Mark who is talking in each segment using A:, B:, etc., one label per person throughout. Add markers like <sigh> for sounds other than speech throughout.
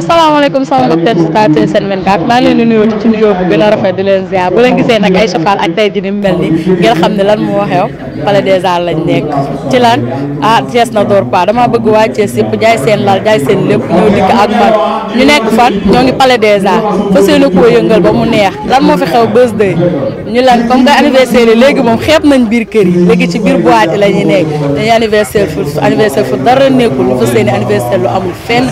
A: asalaamaaleykum sama mbokk téléspectateur Sen 24 maa ngi leen di nuyooti ci nuyoo bu gën a rafet di leen ziar bu leen gisee nag ay safal ak tey ji ni mu mel ni ngeen xam ne lan moo xew palais des arts lañ nekk ci lan ah Thiès na door pas dama bëgg waa Thiès jaay seen lal jaay seen lépp ñëw dikk ak man ñu nekk fan ñoo ngi pale des arts fa seen koo yëngal ba mu neex lan moo fi xew bés ñu lan comme que anniversaire yi léegi moom xeeb nañ biir kër yi léegi ci biir boîte la ñuy nekk dañuy anniversaire fu anniversaire fu dara nekkul lu fa seen anniversaire lu amul fenn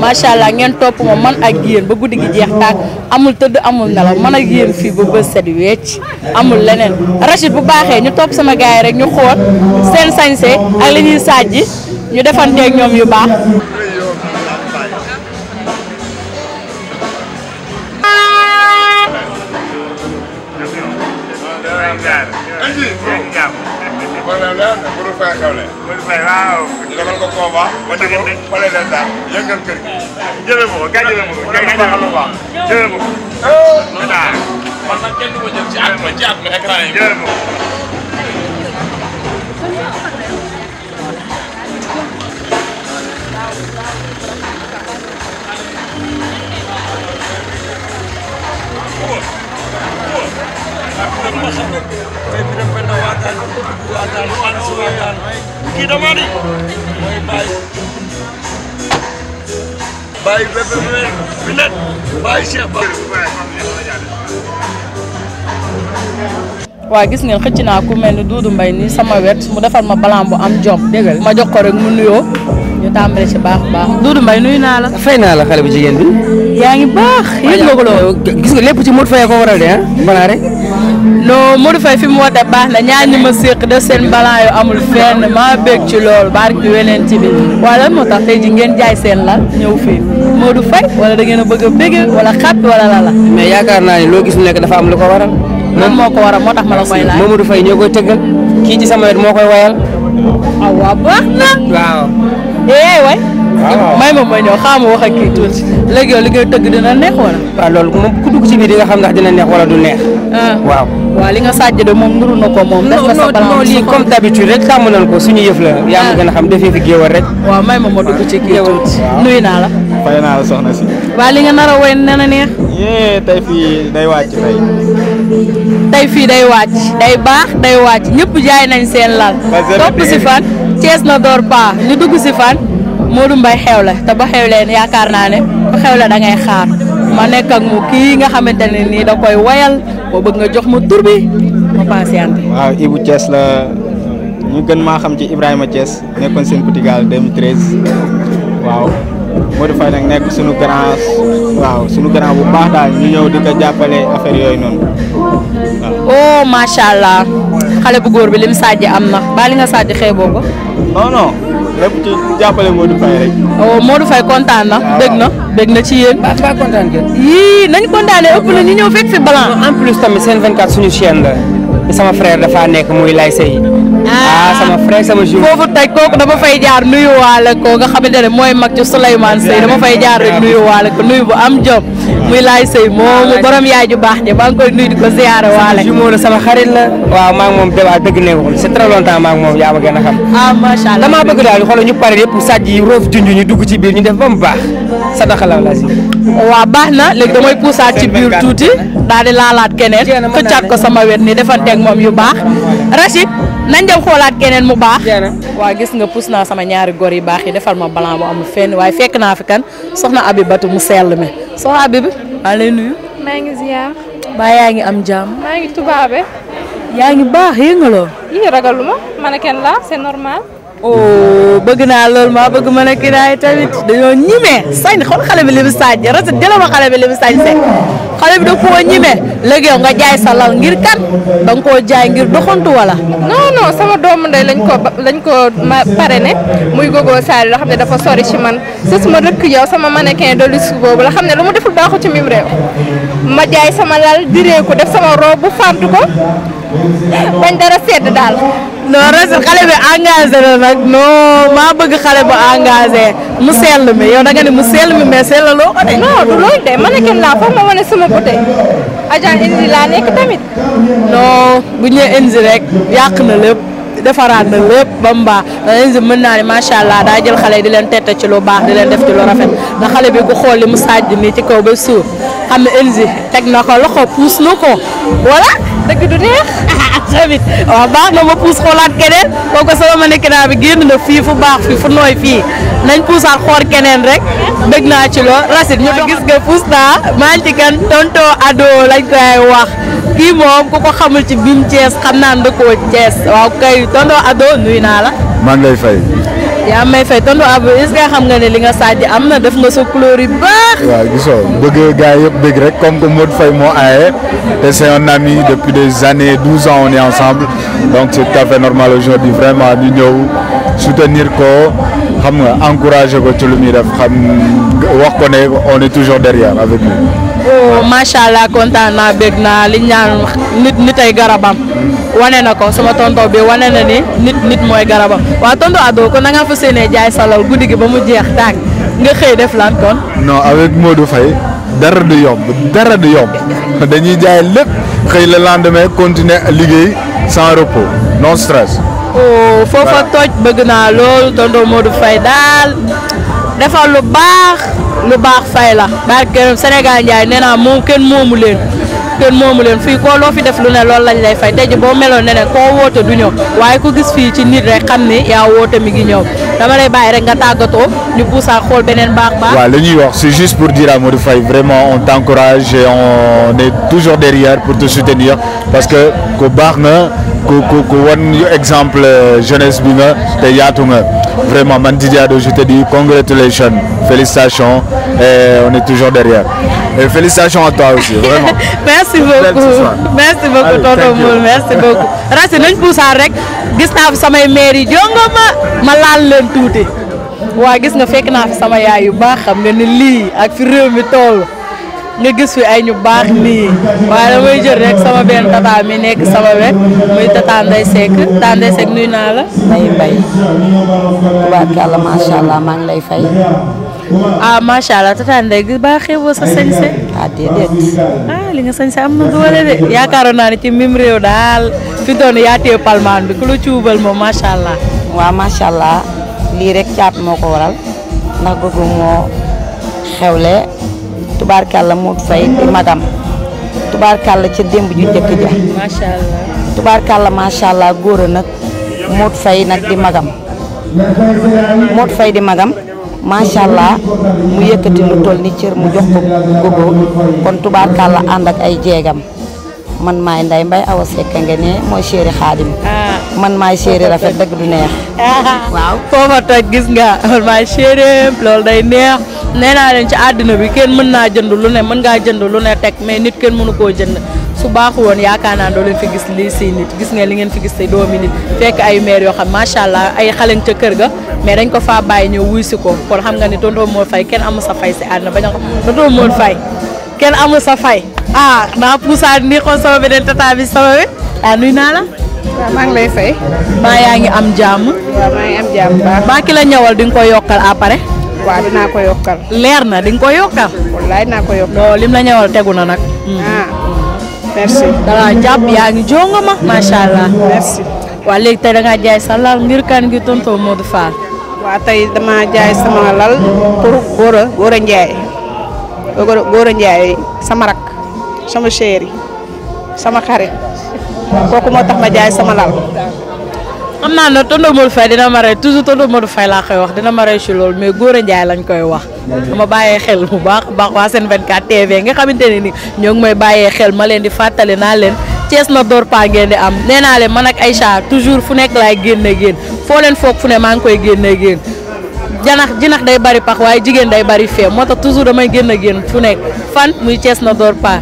A: macha allah ngeen topp ma man ak yéen ba guddi gi jeex tàkk amul tëdd amul nelaw man ak yéen fii ba bés set wecc amul leneen Rachid bu baaxee ñu topp sama rek ñu xool seen sañse ak li ñuy sàjji ñu defanteeg ñoom yu baax.
B: Pemimpin pendawatan, buatan pansuatan,
C: kita mari. Baik baik. Baik pemimpin, benar. Baik siapa?
A: waa gis ngeen xëc na ku melni dudu mbay ni sama wette mu defal ma balam bu am job degal ma jox ko rek mu nuyo ñu tambalé ci baax baax dudu mbay nuyu na la fay naa la xalé bu jigen bi yaangi baax yeen nga ko loolu gis nga lepp ci mod fay ko waral de ah, rek no mod fay fi mu baax na ñaan ni ma séq de sen balan yu amul fenn ma bekk ci lool barki wenen ci bi wala mo tax tay ji ngeen jaay sen la ñew fi Modou fay wala da ngeena bëgg bëgg wala xat wala lala mais yaakaar na ni lo gis mu dafa am lu ko waral moom moo ko waral moo tax ma la koy laaj. Mamadou fay ñoo koy tëggal kii ci sama wet moo koy wayal. ah waaw baax na. way. Ah. may ma ma ñëw xaaral ma wax ak kii tuuti léegi yow li ngay tëgg dina
B: neex wala. waaw ah, loolu moom ku dugg ci biir di nga xam ndax dina neex wala du neex. Ah. waaw
A: waaw li nga sàjj de moom nuru na ko moom. des na sa balaa lii comme
B: d'habitude rek tàmm nañ ko suñu yëf la. yaa ma gën a xam defee fi géewal
A: rek. waa may ma ma dugg ci kii tuuti nuyu naa la. fay naa la soxna si. waaw li nga nar a woy nee na neex. yee tey fii day wàcc tey. tey fii day day baax day wàcc ñëpp jaay nañ seen lal. topp si fan Cees na door paa ñu dugg si fan modum bay xew la ta ba xew len yaakar na ne ba xew la da ngay xaar ma nek ak mu ki nga xamanteni ni da koy wayal bo beug nga jox mu tour bi ma
B: patiente. waaw Ibou Thiès la ñu gën ma xam ci Ibrahima Thiès nekkon seen petit gars 2013 waaw Modou fay nak nek suñu grand waaw suñu grand bu baax da ñu ñew di jappalé affaire yoy non waaw.
A: oh macha allah xale bu goor bi lim sàjji amna na baali nga sàjji xey ko. non non lépp ci jàppale Modou Faye rek. oh Modou Faye kontaan na. waaw bég na bég na ci yéen. ba ba kontaan ngeen. yii nañ kontaanee ëpp na ñu ñëw fekk fi balaa. en plus tamit seen 24 suñu chaîne la. sama frère dafa nekk muy lay sey ah. ah sama frère sama jour foofu tey kooku dama fay jaar nuyu waale ko nga xamante ne mooy mag ci Souleymane Seye dama fay jaar rek nuyu waale ko nuyu bu am jom muy laay sëy moomu borom yaay ju baax ja maa ngi koy nuyu di ko ziyaara waale. jumeau la sama xarit la.
B: waaw maa ngi moom débat dëgg neexul c'est très longtemps maa ngi moom yaa ma gën a xam.
A: ah macha allah damaa bëgg daal xoolal ñu
B: pare yi roof junj ñu dugg ci biir ñu def ba mu baax sadaqa la la si.
A: waaw baax na ci biir tuuti daal di laalaat keneen xëccaat ko sama wet ni defanteeg moom yu baax Rachid nañ dem xoolaat keneen mu baax. waaw gis nga puus naa sama ñaari gor yi baax yi defal ma balan bu amul fenn waaye fekk naa fi kan soxna Abi Batu mu sell mi soxna Habibie. maa lay nuyu. maa ngi ziar. mbaa yaa ngi am jàmm. maa ngi tubaabe. yaa ngi baax yëngaloo. yii ragaluma ma ne kenn laa c'est normal. oh bëgg naa loolu maa bëgg ma a kiraay tamit dañoo ñimee sañ xool xale bi li mu sañ rafet jëla ma xale bi li mu sañ se xale bi da koo ñimee jaay ngir kan da koo jaay ngir doxantu wala. non non sama doomu ndey lañ ko lañ ko ma pare ne muy Gogo Sarr loo xam ne dafa sori ci man su ma rëkk yow sama mannequin de luxe boobu la xam ne lu mu deful baaxu ci mim réew ma jaay sama lal diree ko def sama robe bu fantu ko. bañ dara sedd daal. non Rasul xale bi engagé na nag non maa bëgg xale bu engagé mu sell mi yoo da nga mu sell mi mais sellaloo loo de. non du loolu de mannequin laa foog ma wane sama beauté. agent Inzi laa nekk tamit. non bu ñu nee rek yàq na lépp defaraat na lépp ba mu baax ndax mën naa ne macha allah daa jël xale yi di leen tette ci lu baax di leen def ci lu rafet ndax xale bi ku xool li mu sàjj nii ci kaw ba suuf xam ne teg na ko loxo puus na ko voilà. dëgg du neex. <laughs> tamit waaw baax na ma puus xoolaat keneen kooku sama ma nekk naa bi génn na fii fu baax fii fu nooy fii nañ puusaat xool keneen rek bëgg naa ci lool rasit ñu gis nga puus naa maa ngi ci kan tonto ado lañ koy wax kii moom ku ko xamul ci biir Thiès xam naa ndëkkoo Thiès waaw kay tonto ado nuyu naa la.
B: maa lay fay.
D: c'est un ami depuis des années 12 ans on est ensemble donc c'est tout à fait normal aujourd'hui vraiment à l'Union. soutenir ko encourager ko ci lu on est toujours derrière avec lui.
A: Oh, macha allah kontaan naa bég naa li ñaan nit nit ay garabam wane na ko sama tonto bi wane na ni nit nit mooy garabam waaw tonto Ado kon na nga fas yéenee jaay salal guddi gi ba mu jeex tàkk nga xëy def lan kon.
D: non avec Modou fay dara du yomb dara du yomb dañuy jaay lépp xëy le lendemain continuer liggéey sans repos non stress. oh foofa tooj bëgg naa loolu tonto Modou
A: Faye daal defal lu baax. lu baax fay la barke Sénégal Ndiaye nee mo ken momu len ken momu len fi ko lo fi def lu ne lol lañ lay fay tey bo melo ne ne koo woote du ñëw waaye ku gis fii ci nit rek xam ya yaa mi gi ñëw dama lay bay rek nga tagato ñu puusaa xol benen baax baax. wa
D: lañuy wax c'est juste pour dire à Modou vraiment on t'encourage et on est toujours derrière pour te soutenir parce que ko baax na ku ku ku wan exemple euh, jeunesse bi nga te yaatu vraiment man Didier Ado je te dis congratulations félicitations et on est toujours derrière et félicitations à toi aussi vraiment.
A: <laughs> merci beaucoup merci beaucoup tonton Moule merci beaucoup. rasé nañ puusaan rek gis na fi samay maire yi ma lal len leen wa waa gis nga fekk na fi sama yaay yu baax xam nga ne lii ak fi réew mi toll. nga gis fi ay ñu baax ni waaye damay jël rek sama benn tata mi nekk sama wet muy tata nday sekk tata nday sekk nuyu naa la nay mbay
C: tubaab yàlla macha allah maa
A: ngi lay fay ah macha allah tata nday gis baa xewoo sa sañse ah déedéet ah li nga sañse am na doole de yaakaaroon naa ne ci mim réew daal fi doon yaa téye palmaan bi ku la cuubal moom macha allah waaw macha allah lii rek caat moo ko waral ndax googu moo xewle tubaarkàlla mu fay di magam tubaarkàlla ca démb ju njëkk ja macha allah tubaarkàlla macha allah góor a nag Modou Faye nag di magam Modou Faye di magam macha allah mu yëkkati lu toll ni cër mu jox ko gogo kon tubaarkàlla ànd ak ay jeegam man maay nday mbay awa sekk nga ne mooy chéri xaadim ah. man maay chéri rafet dëgg du neex <laughs> waaw foo ma toj gis nga man maay chéri loolu day neex nee len ci aduna bi kenn mën naa jënd lu ne mën nga jënd lu ne tek mais nit kenn mënu ko jënd su bax won yaakaar do len fi gis li si nit gis nga li ngeen fi gis tay doomi nit fekk ay mère yo xam sha allah ay xaleñ ci kër ga mais dañ ko fa bàyyi ñëw wuy ko kon xam nga ni tonto mo fay amu sa fay ci aduna bañ sa fay ah na puusaat ni xool sama benen tata bi sama bi ah nuy naa la ngi lay fay. yaangi am jamm ngi am jamm ba ki la di ko après waaw dinaa ko yokkal. leer na di nga ko yokkal. wallaay naa ko yokkal. non lim la ñëwal tegu na ah hmm. merci. dala jab yaa ngi jonga ma macha allah. merci. waa léegi tey da ngaa jaay sa lal ngir kan gi tontoo Modou Fall. waa tey dama jaay sama lal pour Gora Gora Ndiaye. Gora Gora Ndiaye sama rak sama chéri sama xarit kooku tax ma jaay sama lal. am naa ne tonton Modou Faye dina ma rey toujours tonton Modou Faye laa koy wax dina ma rey si loolu mais Gora Ndiaye lañ koy wax. dama bàyyee xel bu baax baax waa seen 24 TV nga xamante ne ni ñoo ngi may xel ma leen di fàttali naa leen Thiès na door pa ngeen am nee naa leen man ak Aïcha toujours fu nekk laay génne génn foo leen foog fu ne maa ngi koy génne génn. janax jinax day bari pax waaye jigéen day bari fee moo tax toujours damay génn génn fu nekk fan muy Thiès na door pa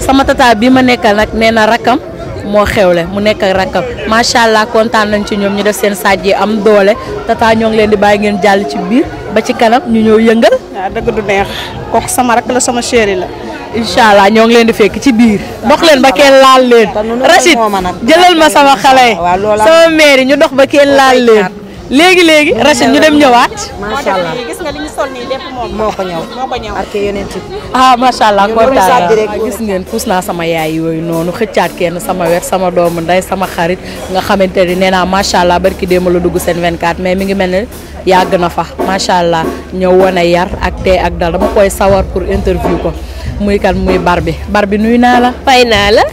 A: sama tata bi ma nekkal nag nee na rakkam. moo xewle mu nekk ak rakkam macha allah kontaan nañ ci ñoom ñu def seen saaj yi am doole tata ñoo ngi leen di bàyyi ngeen jàll ci biir ba ci kanam ñu ñëw yëngal. waaw du neex kooku sama rakk la sama chéri la. incha allah ñoo ngi leen di fekk ci biir. dox leen ba kenn laal leen. Rachid jëlal ma sama xale. sama mère ñu dox ba kenn laal leen. léegi léegi Rachid ñu dem ñëwaat. macha allah gis moo ko ñëw moo ko ñëw ak yonent bi ah, gis ngeen puus naa sama yaay yooyu noonu xëccaat kenn sama wet sama doomu ndey sama xarit nga xamante ni nee naa macha allah barki démb la dugg seen 24 mais mi ngi mel ne yàgg na fa macha allah ñëw wane yar ak tey ak dal dama koy sawar pour interview ko muy kan muy Barbie Barbie nuyu naa la. fay naa la.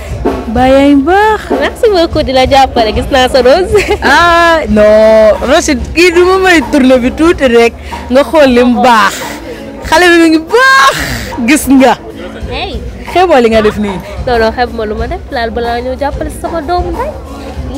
A: bayang bah. Merci beaucoup di la jàppale gis naa sa rose. <laughs> ah no rose kii du ma may tourné bi tuuti rek nga xool lim baax xale bi ngi baax gis nga. hey xeeboo li nga def nii. non non xeeb ma lu ma def laal balaa ñëw jàppale sama doomu ndey.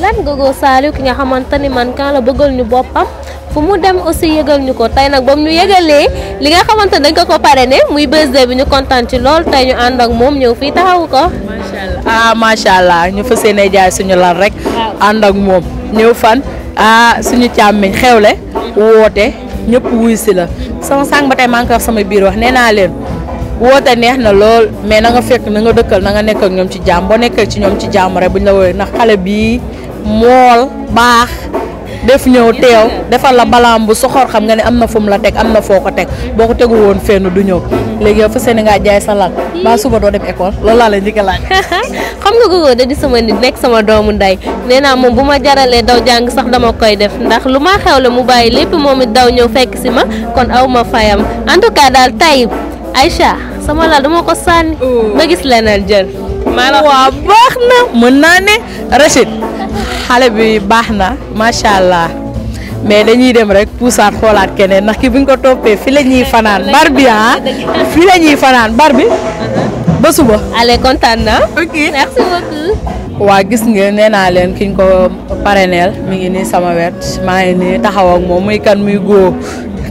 A: lan Gogo Saliou ki nga xamante ni man kan la bëggal ñu boppam fu mu dem aussi yëgal ñu ko tey nag bam ñu yëgalee li nga xamante dañ ko ko pare ne muy birthday bi ñu kontaan ci lool tey ñu ànd ak moom ñëw fii taxawu ko. macha ah, macha allah ñu fas yéene jaay suñu lan rek. ànd ak moom ñëw fan ah suñu càmmiñ xewle woote ñëpp wuy si la sama sàng ba tey maa sama biir wax nee naa leen. woote neex na lool mais na nga fekk na nga dëkkal na nga nekk ak ñoom ci jàmm boo nekkee ci ñoom ci jàmm rek ñu la woowee ndax xale bii mool baax def ñëw teew defal la balaam bu soxor xam nga ne am na fu la teg am na foo ko teg boo ko tegul woon fenn du ñëw léegi yow fa Sénégal jaay sa lal ba suba doo dem école loolu laa la <laughs> xam nga googoo da di sama nit nekk sama doomu nday nee naa moom bu ma jaralee daw jàng sax dama koy def ndax lu ma xewle mu bàyyi lépp moom it daw ñëw fekk si ma kon aw ma fayam en tout cas daal Tayib Aïcha sama lal dama ko sànni oh. ma gis leneen jël waaw baax na mën naa ne Rachid xale bi baax na macha allah mais dañuy dem rek puusaat xoolaat keneen ndax ki buñ ko toppee fi la ñuy fanaan bar bi ah fi la ñuy fanaan bar bi ba suba. allez kontaan na. ok waa gis nga nee naa leen kiñ ko parrainel mi ngi nii sama wet maa ngi nii taxaw moom muy kan muy góo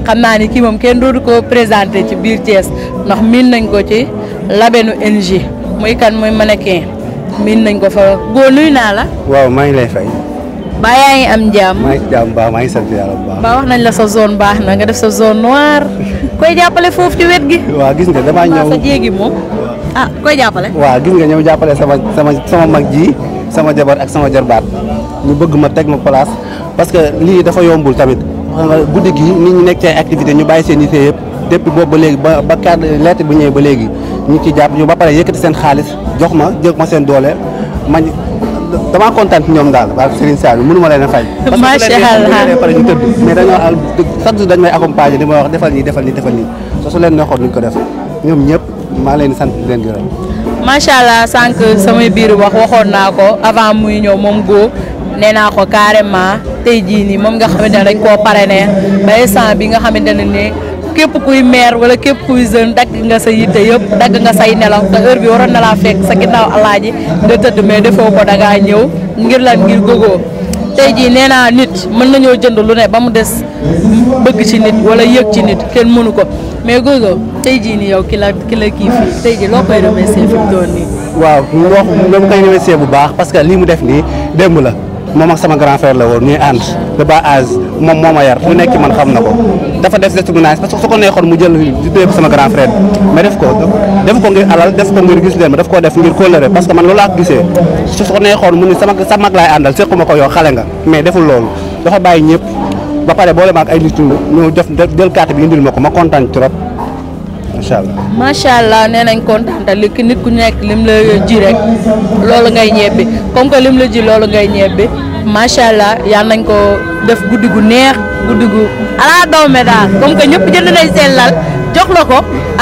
A: xam naa ni kii moom kenn dootu ko présenté ci biir Thiès ndax miin nañ ko ci labenu NG. mooy kan muy mannequin miin nañ ko fa góor nuyu naa la.
B: waaw maa ngi lay fay.
A: baa yaa am jàmm. maa
B: ngi jàmm baax maa ngi
A: nañ la sa zone baax na nga def sa zone noire. koy jàppale foofu ci wet gi.
B: waaw gis nga damaa ñëw sa
A: jéegi moom. ah koy jàppale. waaw
B: gis nga ñëw jàppale sama sama sama mag ji sama jabar ak sama jarbaat ñu bëgg ma teg ma place parce que lii dafa yombul tamit xam nga guddi gi nit ñi nekk activité ñu bàyyi seen yite yëpp. depuis boobu ba léegi ba ba cadre lettre bu ñëwee ba léegi ñu ci jàpp ñu ba pare yëkkati seen xaalis jox ma jox ma seen doole man damaa kontaan ci ñoom daal waaye Serigne Saliou mënu ma leen a fay. macha allah <laughs> parce que ñu tëdd ma wax defal nii defal nii defal nii soo su leen neexoon ñu ko def ñoom ñëpp maa leen sant di leen gërëm.
A: macha allah sànq biir wax waxoon naa ko avant muy ñëw moom góor nee naa ko carrément tey jii nii moom nga xamante ne dañ koo parrainé ba instant bi nga xamante ne nii. képp kuy maire wala képp kuy jeune dagg nga sa yitte yëpp dagg nga say nelaw te heure bi waroon na laa fekk sa ginnaaw alaaji nga tëdd mais defoo ko dangaa ñëw ngir lan ngir gogoo tey jii nee naa nit mën nañoo jënd lu ne ba mu des bëgg ci nit wala yëg ci nit kenn mënu ko mais Gogo tey jii ni yow kila la kii fii tey jii loo koy remercier fi mu doon nii.
B: waaw mu wax ñoom koy remercier bu baax parce que lii mu def nii démb la. moom ak sama grand frère la woon ñuy ànd de bas âge moom moo ma yar lu nekk man xam na ko dafa def détermination parce que su mu jël tuddee ko def ko def ko ngir gis leen ma daf koo def ngir kóllëre parce que man laa gisee su ko neexoon mu ne sama sa mag laay àndal séquma ko yow xale nga mais deful loolu dafa pare boole ma ay nit def jël carte bi indil ma ko ma kontaan trop incha allah
A: macha allah nee nañ kontaan li ki nit ku nekk lim la ji rek loolu ngay ñebbi comme que lim la ji loolu ngay ñebbi macha allah yal nañ ko def guddi gu neex guddi gu ala doome daal comme que ñëpp jënd nañ seen lal jox la ko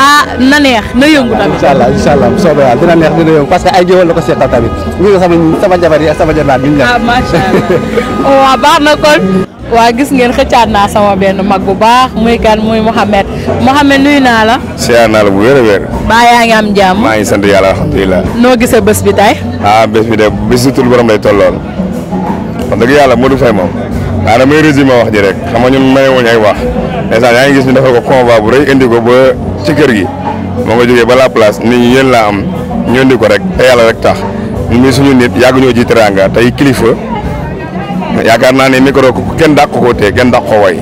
A: ah na neex na yëngu
B: tamit. incha allah incha allah bu soobee yàlla dina neex dina yëngu parce que ay géwél la ko seetal tamit ñu ngi sama sama jabar yi ak sama jabar yi ñu ngi leen. Ah, allah
A: oh, waaw baax na kon. wa gis ngeen xëccaat naa sama benn mag bu baax muy kan muy mohammed mohammed nuy na la.
D: siyaar naa la bu wér a
A: ba ya nga am jàmm.
D: ma ngi sant yalla alhamdullilah
A: no gisse bëss bi tay
D: ah bëss bi de bésu borom lay tollol wax dëgg yalla Modou Faye moom ah may résumé wax ji rek xam nga ñun may woon ay wax et ça ya nga gis ni dafa ko combat bu reuy indi ko ba ci kër gi mo nga jógee ba la place ni ñeen la am ñu indi rek yalla rek tax ni suñu nit yag ñoo ji teranga tay kilifa. yaakaar naa ne micro ku kenn dàq koo tee kenn dàq koo way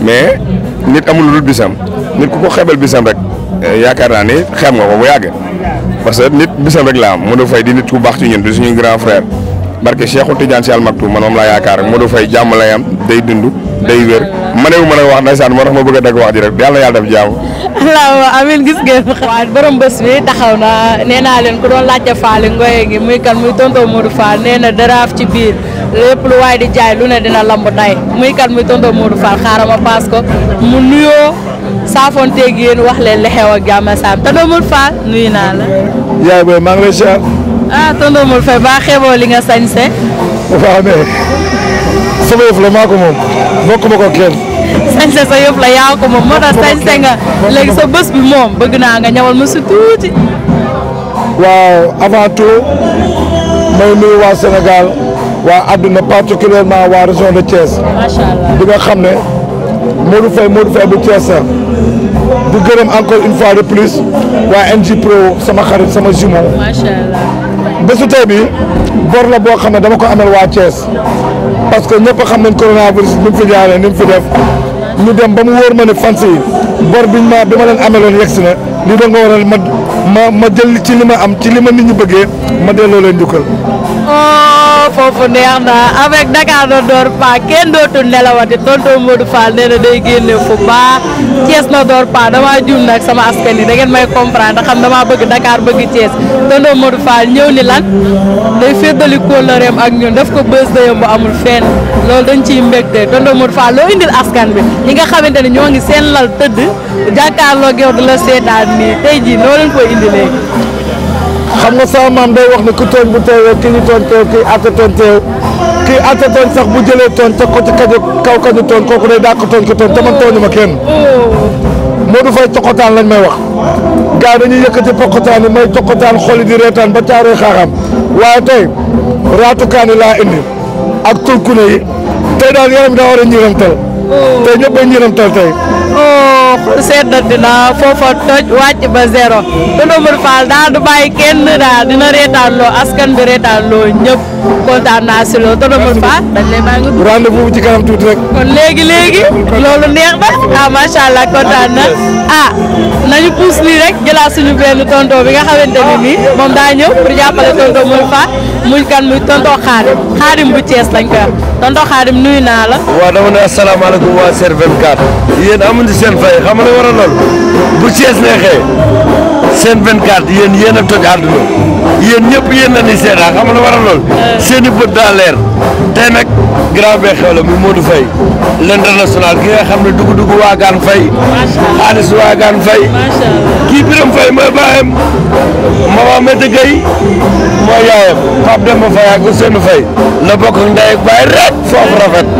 D: mais nit amul lu bisam nit ku ko xebal bisam rek eh, yaakaar naa ne xem nga ko bu yàgg parce que nit bisam rek la am Modou Faye di nit ku baax ci ñun di suñu grand frère barke Cheikhou Tidiane Sy Al Maktoum man moom laa yaakaar Modou Faye jàmm lay am day dund day wér manewu ma nag wax ndeysaan moo tax ma bëgg a dagg wax ji rek yàlla na yàlla def jàmm.
A: alhamdulilah amiin gis ngeen waaw borom bés bi taxaw na lépp lu waay di jaay lu ne dina lamb day muy muy tonton Modou Fall xaaral ma mu nuyoo saafonteeg yéen wax leen li xew ak a saam tonton Modou nuyu naa la.
D: yaay booy maa ngi lay ziar.
A: ah nga sañse. waaw mais sama yëf la maa
D: moom bokk ma
A: sañse sa yëf la yaa moom moo tax sañse nga léegi sa bés moom bëgg naa nga ñawal ma si
D: waaw avant may nuyu waa Sénégal. waa àdduna particulièrement waa région de Thiès bi nga xam ne Modou Faye Modou Faye bu Thiès bu di gërëm encore une fois plus waa NG Pro sama xarit sama jumeau bésu tey bi bor la boo xam ne dama ko amel waa Thiès parce que ñëpp xam nañ coronavirus ni mu fi jaaree ni mu fi def ñu dem ba mu wóor ma ne fans yi bor biñ ma bi ma leen ameloon yegg si na li da nga ma ma ma ci li ma am ci li ma nit ñi bëggee ma delloo leen njukkal
A: oh. foofu neex na avec Dakar na door pa kenn dootul nelawati tonton Modou Fall nee na day génne fu baax Thiès na door pa damaa juum nag sama askan yi da may comprendre xam damaa bëgg dakaar bëgg Thiès tonton Modou Fall ñëw ni lan day féddali kóllëreem ak ñun daf ko bës dayam amul fenn loolu dañ ciy mbégte tonton Modou Fall loo indil askan bi ñi nga xamante ni ñoo ngi seen lal tëdd jàkkaarloo yow di la seetaan nii tey jii noo leen koy indilee
D: xam nga sama maam day wax ne ku tooñ bu teewee ki ñu tooñ teew kii àtte tooñ teew kii àtte tooñ sax bu jëlee tooñ teg ko ci kañu kaw kañu tooñ kooku day dàq tooñ ko tooñ te man tooñu ma kenn oh. Modou Faye coxotaan lañ may wax gars yi dañuy yëkkati poqotaan yi may coxotaan xol yi di reetaan ba caaree xaaxam waaye tey raatukaan yi laa indi ak tulkune yi tey daal yaram daa war a ñiiramtal oh. tey ñëpp a ñiiramtal
A: tey sedd dina foofa toj wàcc ba zéro Coumba Ndour Fall daal du bàyyi kenn daal dina reetaan loo askan bi reetaan loo ñëpp kontaan naa si loolu tonton Moustapha dañ lay maa ngi. kanam tuuti rek. kon léegi léegi <laughs> loolu neex na <laughs> ah macha allah kontaan na ah nañu pousse nii rek jëlaat suñu benn tonton bi nga xamante ne nii ah. moom daa ñëw pour jàppale tonton Moustapha muy kan muy tonton Xaadim Xaadim bu Thiès lañ koy wax tonton Xaadim nuyu naa la.
B: waaw dama ne asalaamaaleykum waa SER 24.
C: yéen amuñu seen fay xam nga lool bu neexee. seen 24 yéen
D: yéen a toj àdduna yéen ñëpp yéen la ñuy seetaan xam nga war a lool euh. seen i bët daa leer tey nag grand bee xew la muy Modou Faye l'international ki nga xam ne dugg-dugg waagaan fay xaalis waagaan fay kii Birame Faye mooy baayam mama Mette Gueye mooy yaayam Pape Demba Faye ak Ousseynou Faye la
C: bokk ndey ak baay rek foofu rafet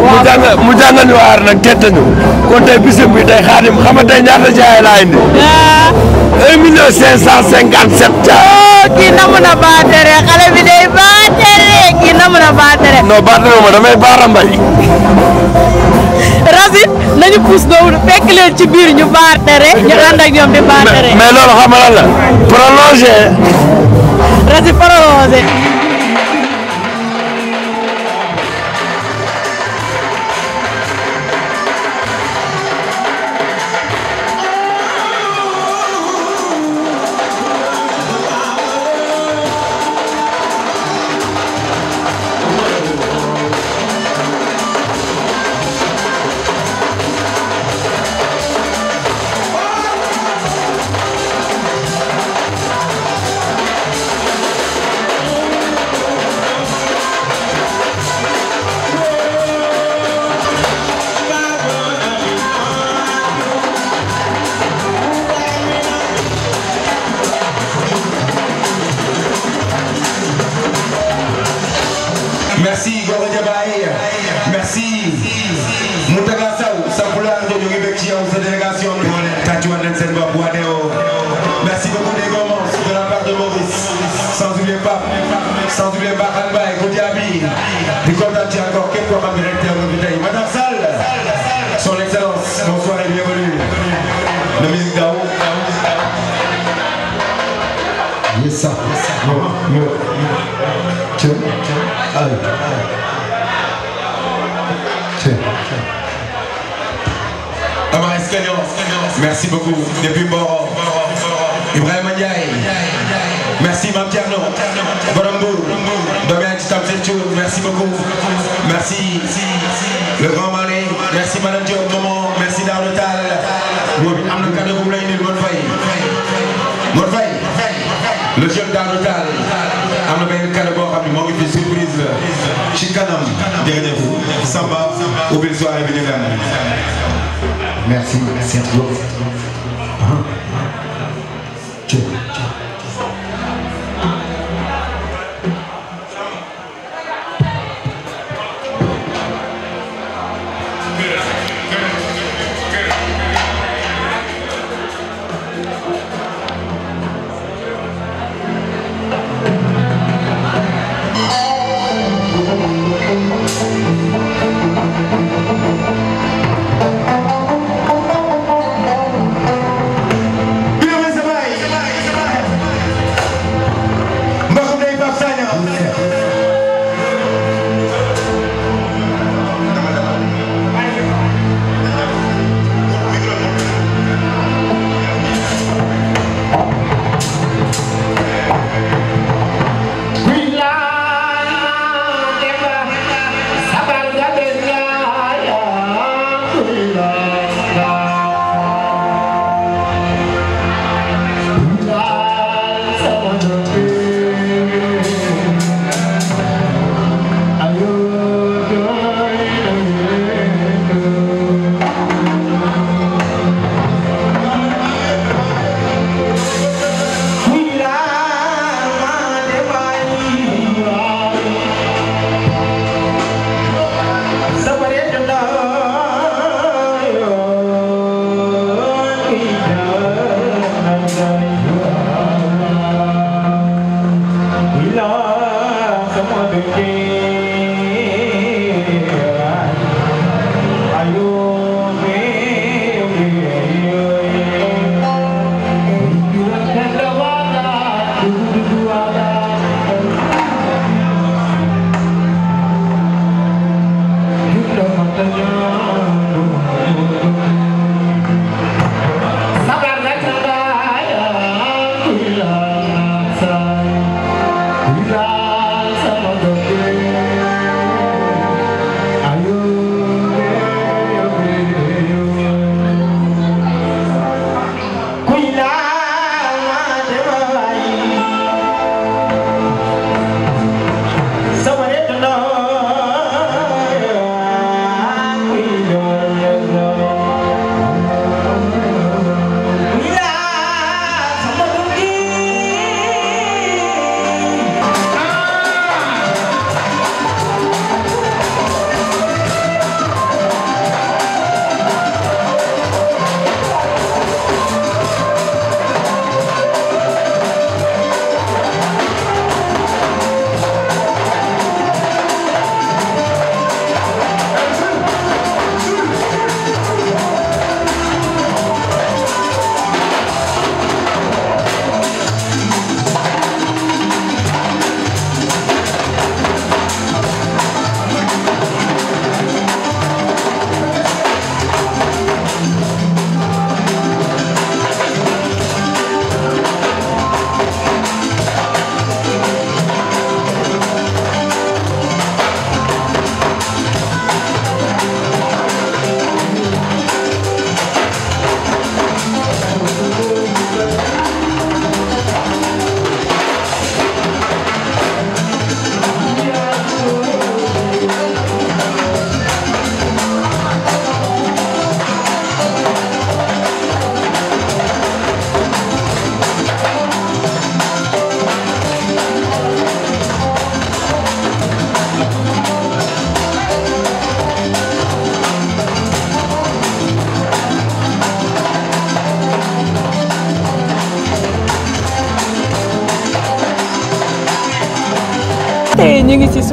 C: mu jàngal mu jàngal ñu aar nag tettañu kon tey bisim bi tey xaadim xam tey ñaata jaay laa indi ah. eh, deux mille cinq cent cinquante sept. Oh, kii na mun a baatere xale bi day baatere
A: kii na mun a baatere.
C: non baatere ma damay baara mbay.
A: Racine nañu pousse doomu fekk leen ci biir ñu baatere ñu ànd ak ñoom di baatere. mais mais loolu xam nga lan la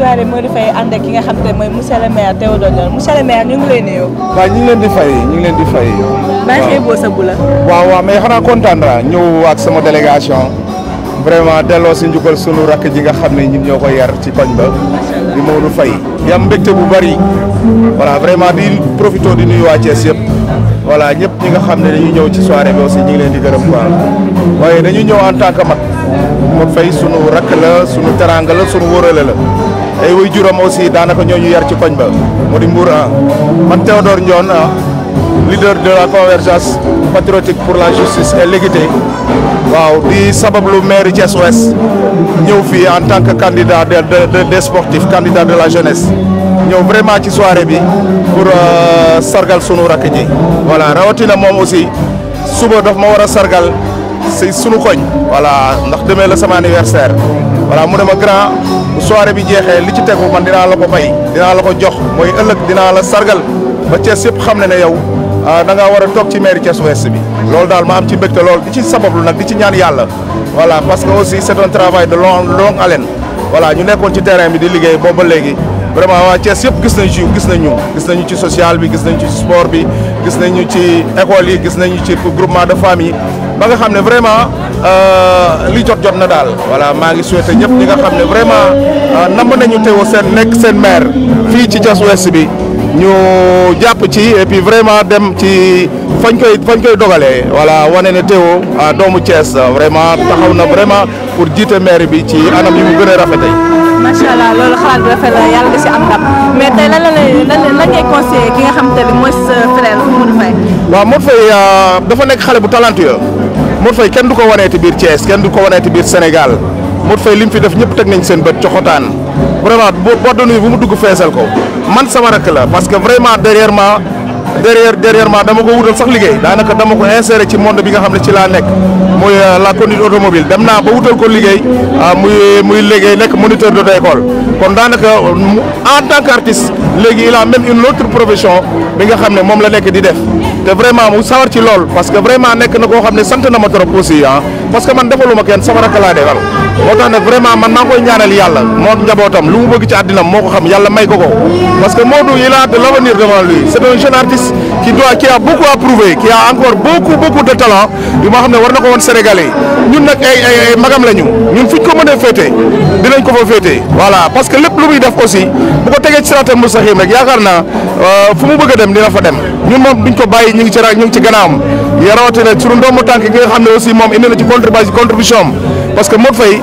A: soirée moo di fay ànd ak ki nga xam te mooy monsieur le maire Théodore Niol monsieur le maire ñu ngi lay nuyu.
D: waaw ñu ngi leen di fay ñu ngi leen di fay.
A: maa ngi fay Bosa Bula.
D: wa waaw mais xanaa kontaan naa ak sama vraiment sunu rakk ji nga ñun yar ci ba. di bu bari voilà vraiment di profito di nuyu waa Thiès voilà ñëpp ñi nga xam ne dañuy ci soirée bi aussi ngi leen di quoi en tant que sunu rakk la sunu teranga la sunu la ay way juram aussi danaka ñoo ñu yar ci koñ ba modi di man ah. Théodore Ndion ah. leader de la convergence patriotique pour la justice et l'égalité waaw di sabablu maire ci SOS ñëw fi en tant que candidat de, de, de, de sportif candidat de la jeunesse ñëw vraiment ci soirée bi pour euh, sargal sunu rak ji voilà na mom aussi suba daf ma wara sargal si sunu koñ voilà ndax demé la sama anniversaire voilà mu ne ma grand bu soirée bi jeexee li ci tegu man dinaa la ko fay dinaa la ko jox mooy ëllëg dinaa la sargal ba Thiès yëpp xam ne ne yow ah, a ngaa war a toog ci mairie Thiès Ouest bi loolu daal ma am ci mbégte loolu di ci sabablu nag di ci ñaan yàlla voilà parce que aussi c'est un travail de long longue haleine ñu nekkoon ci terrain bi di liggéey booba léegi vraiment waa Thiès yëpp gis nañ ci gis nañ ñu gis nañu ci social bi gis nañ ci sport bi gis ñu ci école yi gis nañu ci groupement de famille Euh, li jot jot na daal voilà maa ngi souhaité ñëpp ñi nga xam ne vraiment euh, namb nañu teew seen nekk seen maire fii ci Thiès Ouest bi ñu jàpp ci et vraiment dem ci fañ koy fañ koy dogalee voilà wane ne teew euh, doomu cees vraiment taxaw na vraiment pour jiite maire bi ci anam yi mu gën a rafetee.
A: macha allah loolu xalaat bi rafet la yàlla si am ndam tey lan la lay la ngay conseiller ki nga xam te ne mooy sa frère Modou Faye.
D: waaw Modou Faye dafa nekk xale bu talentueux. Modou Faye kenn du ko waneeti biir Thiès kenn du ko waneeti biir Sénégal Modou Faye li fi def ñëpp teg nañ seen bët coxotaan vraiment bo boo doon bu mu dugg feesal ko man sama rakk la parce que vraiment derrière moi derrière derrière ma dama ko wutal sax liggéey daanaka dama ko insérer ci monde bi nga xam ne ci laa nekk muy euh, la conduite automobile dem ba wutal ko liggéey euh, muy muy liggéey nekk moniteur de école kon daanaka en tant qu'artiste léegi il a même une autre profession bi nga xam ne moom la nekk di def te vraiment mu sawar ci lool parce que vraiment nekk na koo xam ne sant na ma trop aussi ah parce que man defaluma kenn sama rakk laa defal moo tax vraiment man maa koy ñaanal yalla moo njabootam lu mu bëgg ci adina moko xam yalla may ko ko parce que Modou il a de l'avenir devant lui c'est un jeune artiste qui doit qui a beaucoup à prouver qui a encore beaucoup beaucoup de talent yu ma xam ne war na ko woon Sénégalais ñun nak ay ay magam lañu ñun fuñ ko mëne fété dinañ ko fa fété voilà parce que lepp lu muy def aussi bu ko tégué ci siraatal mustaqiim rek yaakaar euh, fu mu bëgg dem dina fa dem ñun moom buñ ko bayyi ñu ngi ci ra ñu ngi ci gannaawam na ci ru tank gi nga xam ne aussi mom indi na ci contribution parce que Modou Faye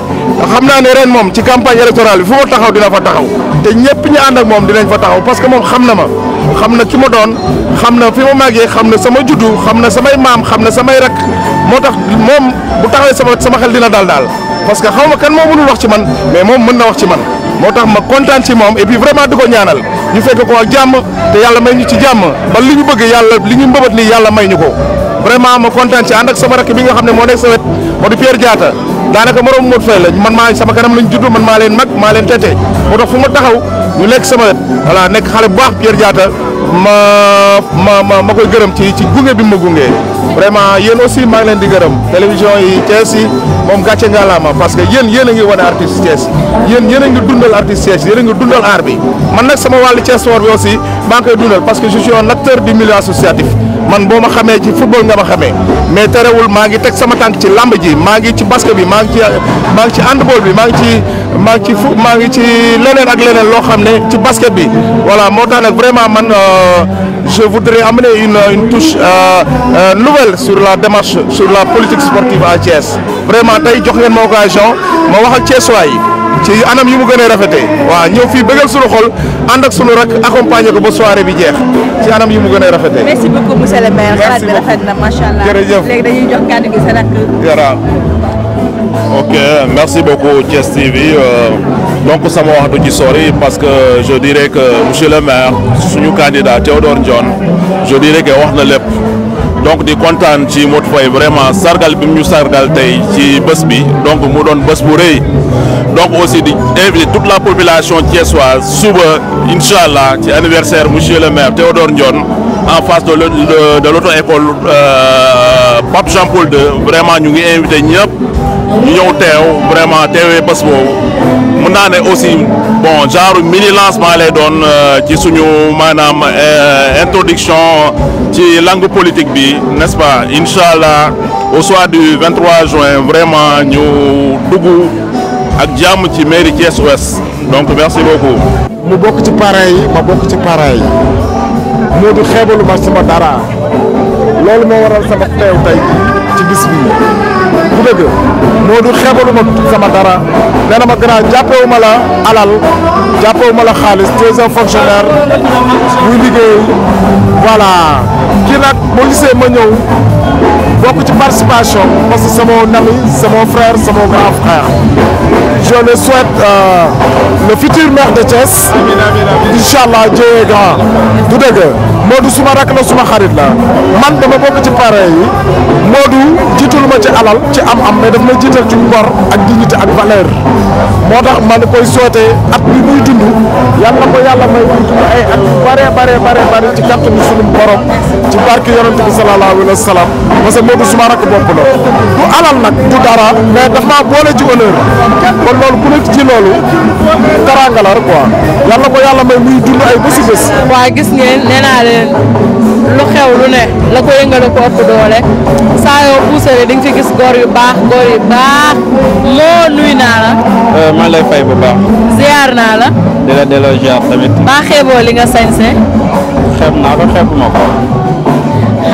D: xam naa ne reen moom ci campagne électorale bi fu ma taxaw dina fa taxaw te ñëpp ñu ànd ak moom dinañ fa taxaw parce que moom xam na ma xam na ki ma doon xam na fi ma màggee xam na sama juddu xam na samay maam xam na samay rak moo tax moom bu taxawee sama sama xel dina daal daal parce que xaw ma kenn moo mënul wax ci man mais moom mën na wax ci man moo tax ma kontaan ci moom et vraiment di ko ñaanal ñu fekk ko ak jàmm te yàlla may ñu ci jàmm ba li ñu bëgg yàlla li ñu mbëbët nii yàlla may ñu ko. vraiment ma content ci and ak sama rak bi nga xamne mo nek sawet wet Modou Pierre diata danaka morom Modou Fay la man ma sama kanam lañ juddu man ma len mag ma len tete mo dox fuma taxaw ñu lek sama wet wala nek xale bu baax Pierre diata ma ma ma ma koy gërëm ci ci gungé bi ma gungé vraiment yeen aussi ma len di gërëm télévision yi tiesi mom gatché nga lama parce que yeen yeen nga wone artiste tiesi yeen yeen nga dundal artiste tiesi yeen nga dundal art bi man nak sama walu tiesi wor bi aussi ma koy dundal parce que je suis un acteur du milieu associatif man boma xamé ci football nga ma xamé mais téréwul ma ngi tek sama tànk ci lamb ji ma ngi ci basket bi ma ngi ci ma ngi ci handball bi ma ngi ci ma ngi ci fu ngi ci leneen ak leneen lo xamné ci basket bi voilà moo tax vraiment man euh, je voudrais amener une une touche euh, euh, nouvelle sur la démarche sur la politique sportive à Thiès vraiment tay jox ngeen ma occasion ma wax ak Thiès ci anam yu mu gën a wa waaw fi fii bëggal suñu xol and ak suñu rak accompagner ko ba soirée bi jeex ci anam yu mu gën a
A: merci beaucoup monsieur le maire. xalat bi rafet na macha allah jërëjëf dañuy jox kàddu gi sa
D: rakk. ok merci beaucoup Thiès TV euh, donc sama wax ci sori parce que je dirais que monsieur le maire suñu candidat Théodore Dione je dirais que wax na lépp. donc di kontaan ci Modou Faye vraiment sargal bi mu ñu sargal tey ci bés bi donc mu doon bés bu rëy donc aussi di inviter toute la population thiessoise suba incha allah ci anniversaire monsieur le maire Théodore Ndione en face de de l'auto-école euh, Pape Jean Paul II vraiment ñu ngi invité ñëpp ñu ñëw teew vraiment teewee bés boobu mun naa aussi bon genre mini lancement lay doon euh, ci suñu maanaam euh, introduction. ci langue politique bi n'est-ce pas incha au soir du 23 juin vraiment ñu dugg ak jàmm ci mairie Thiès Ouest donc merci beaucoup. mu bokk ci pareil, yi ma bokk ci parrain yi moo di xeebalu ma sama dara loolu mo waral sama teew tay ci bis bi bu deug modou xébalu xeebalu ma sama dara nee ma grand jàppewu ma la alal jàppewu ma la xaalis tu es un fonctionnaire buy liggéey voilà Qui est boo de ma participation parce que c'est mon ami c'est mon frère c'est mon grand frère je le souhaite euh, le futur maire de Thiès. Inch'Allah Dieu est grand Modou suma rakk la suma xarit la man dama bokk ci parents yi Modou jiitalu ma ci alal ci am-am mais daf ma jiital ci ngor ak dignité ak valeur moo tax man koy soote at bi muy dund yàlla ko yàlla may muy dund ay at bare bare bare bare ci kàttanu sunu borom ci barke yonent bi sallallahu alayhi wa sallam parce que suma rakk bopp la du alal nag du dara mais daf maa boole ci honneur kon loolu ku nekk ci loolu teraanga la yàlla ko yàlla may muy dund ay bési bés. leneen lu xew lu ne la ko
A: yëngale ko ëpp doole saa yoo puusale di fi gis góor yu baax góor yu baax moo nuy naa la.
B: Euh, maa lay fay bu baax.
A: ziar naa la.
B: di la
A: li nga sañse.
B: xeeb naa ko xeeb ko.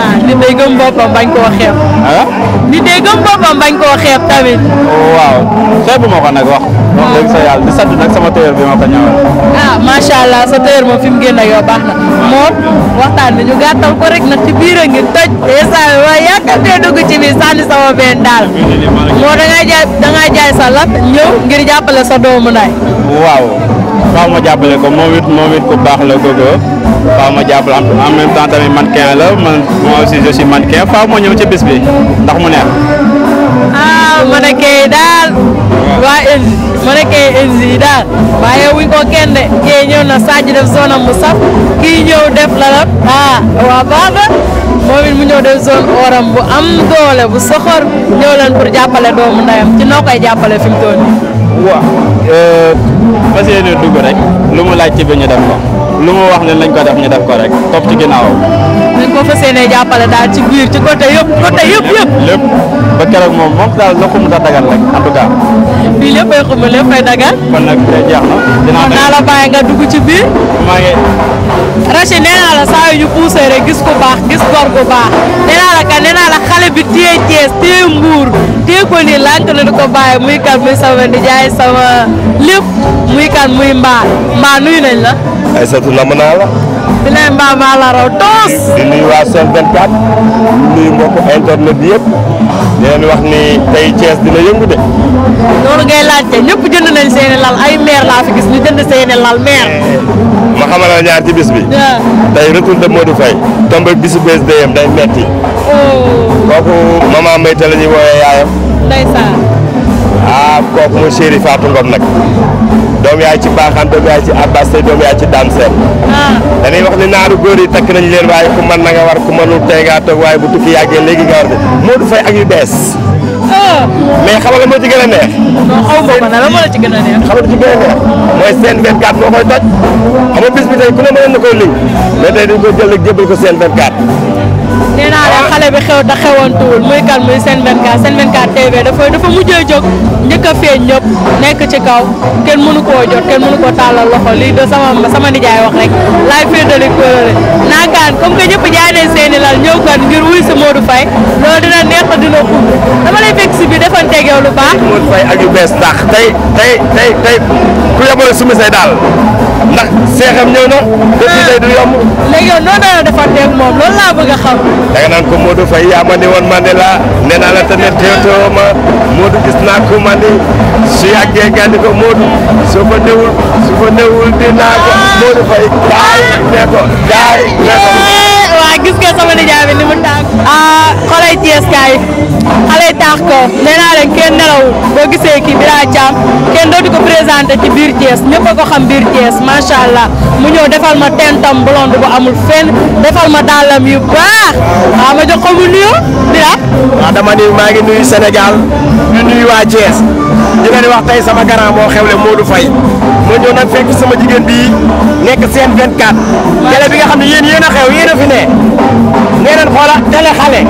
B: ah nit day gëm boppam bañ koo xeeb. Ah? di déggam boppam bañ koo xeeb tamit. waaw xeebu ma nag wax. wax sa yàlla di sant nag sama tailleur bi ah,
A: na moom waxtaan bi ñu gàttal ko rek nag ci biir a ngi toj. ndeysaan waaye yàkkamtee dugg ci biir sànni sama benn daal. moo da ngay jaay da ngay jaay sa lat ñëw ngir jàppale sa doomu nay
B: waaw faaw ma jàppale ko moom ku baax la ko faaw ma jàppale en même temps tamit mannequin la man moi aussi je suis mannequin faaw ci bis bi ndax mu neex.
A: ah mannequin daal. waa Elzi mannequin Elzi daal waaye wuñ ko kenn de kii na Sadji def zone mu saf kii def la la ah, waa baba moom it mu def zone oram bu am doole bu soxor ñëw leen pour jàppale doomu ci noo koy jàppale fi mu toll nii.
B: waaw euh, fas rek lu mu laaj ci bi def ko. lu mu wax ne lañ ko def ñu def ko rek topp ci ginnaaw. ko fas yéenee jàppale daal ci biir ci côté yëpp côté yëpp yëpp. lépp ba keroog moom moom daal la xumb ta dagal rek en tout cas. fii léppay xumb léppay dagal. kon eh, naa la bàyyi nga dugg ci biir.
A: maa ngi. Rachid nee naa la saa ñu poussé gis ku baax gis gor gu baax nee naa la ka nee naa la xale bi téye Thiès téye Mbour ko nii lànk na di ko bàyyi muy kan muy sama di sama lépp muy kan muy
B: Aïssatou la mën naa la.
A: di leen la raw toos. di nuyu
B: waa Sen 24
D: di nuyu mbokku internet bi yëpp di wax ni tey cees dina yëngu de.
A: loolu ngay laajte ñëpp jënd nañ seen lal ay maire laa fi gis ñu jënd seen lal maire.
D: ma xamal ñaar ci bis bi. tey retour de Modou Faye. tombé bisu bees day day metti.
A: Oh.
B: kooku maman Mayta la ñuy woowee yaayam. ah kooku mooy chéri Fatou Ngom nag doom yaay ci baaxaan doom yaay ci Abbas te doom yaay ci Dame Sène ah. dañuy wax ni naaru góor yi takk nañ leen waaye ku mën na nga war ku mënul tey waaye bu tukki yàggee léegi nga war de moo du fay ak yu bees
C: ah. mais
B: xamal la moo ci gën a neex.
D: ma ko la moo la ci gën a xamal ci gën a neex mooy seen 24 moo koy toj xam nga bis bi tey ku ne mënoon na koy lim mais tey dañ koy jël rek jébal ko seen 24.
A: nee naa leen xale bi xew da xewantuwul muy kan muy Sen 24 Sen 24 TV dafa dafa mujjee jóg njëkk a feeñ ñëpp nekk ci kaw kenn mënu koo jot kenn mënu koo tàllal loxo lii de sama sama nijaay wax rek laay féetali kóolóore naakaan comme que ñëpp jaay nañ seeni lal ñëw kan ngir wuy si Modou Faye loolu dina neex dina xumb dama lay fekk si bi defanteeg yow lu baax. yu bees tax tey tey tey tey ku yemale sumi say daal ndax
C: seexam ñëw na. waaw dëkk bi
D: tey du yomb.
A: léegi yow noonu la defanteeg moom loolu laa bëgg a
D: da nga naan ko Modou Faye yaa ma ne woon Mandela nee naa la te ne teewtoo ma Modou gis naa ko mandi su yàggee gàndi ko Modou su fa newul dinaa ko Modou Faye gaay ne ko gaay ne
A: nag gis nga sama nijaay bi ni mu tàgg. ah xoolay Thiès kaay taax ko nee naa leen kenn nelaw boo gisee kii Bira Thiam kenn dootu ko présenté ci biir Thiès ñëpp a ko xam biir Thiès macha allah mu ñëw defal ma tentam blonde bu amul fenn defal ma dàllam yu baax waaw ah,
D: jox ko mu nuyoo Bira. waaw ah, dama ni maa ngi nuyu Sénégal ñu nuyu waa Thiès di leen wax tey sama grand moo xewle Modou Faye ma ñëw fekk sama jigéen bii nekk seen 24 télé bi nee nañ xoola
C: télé
A: xale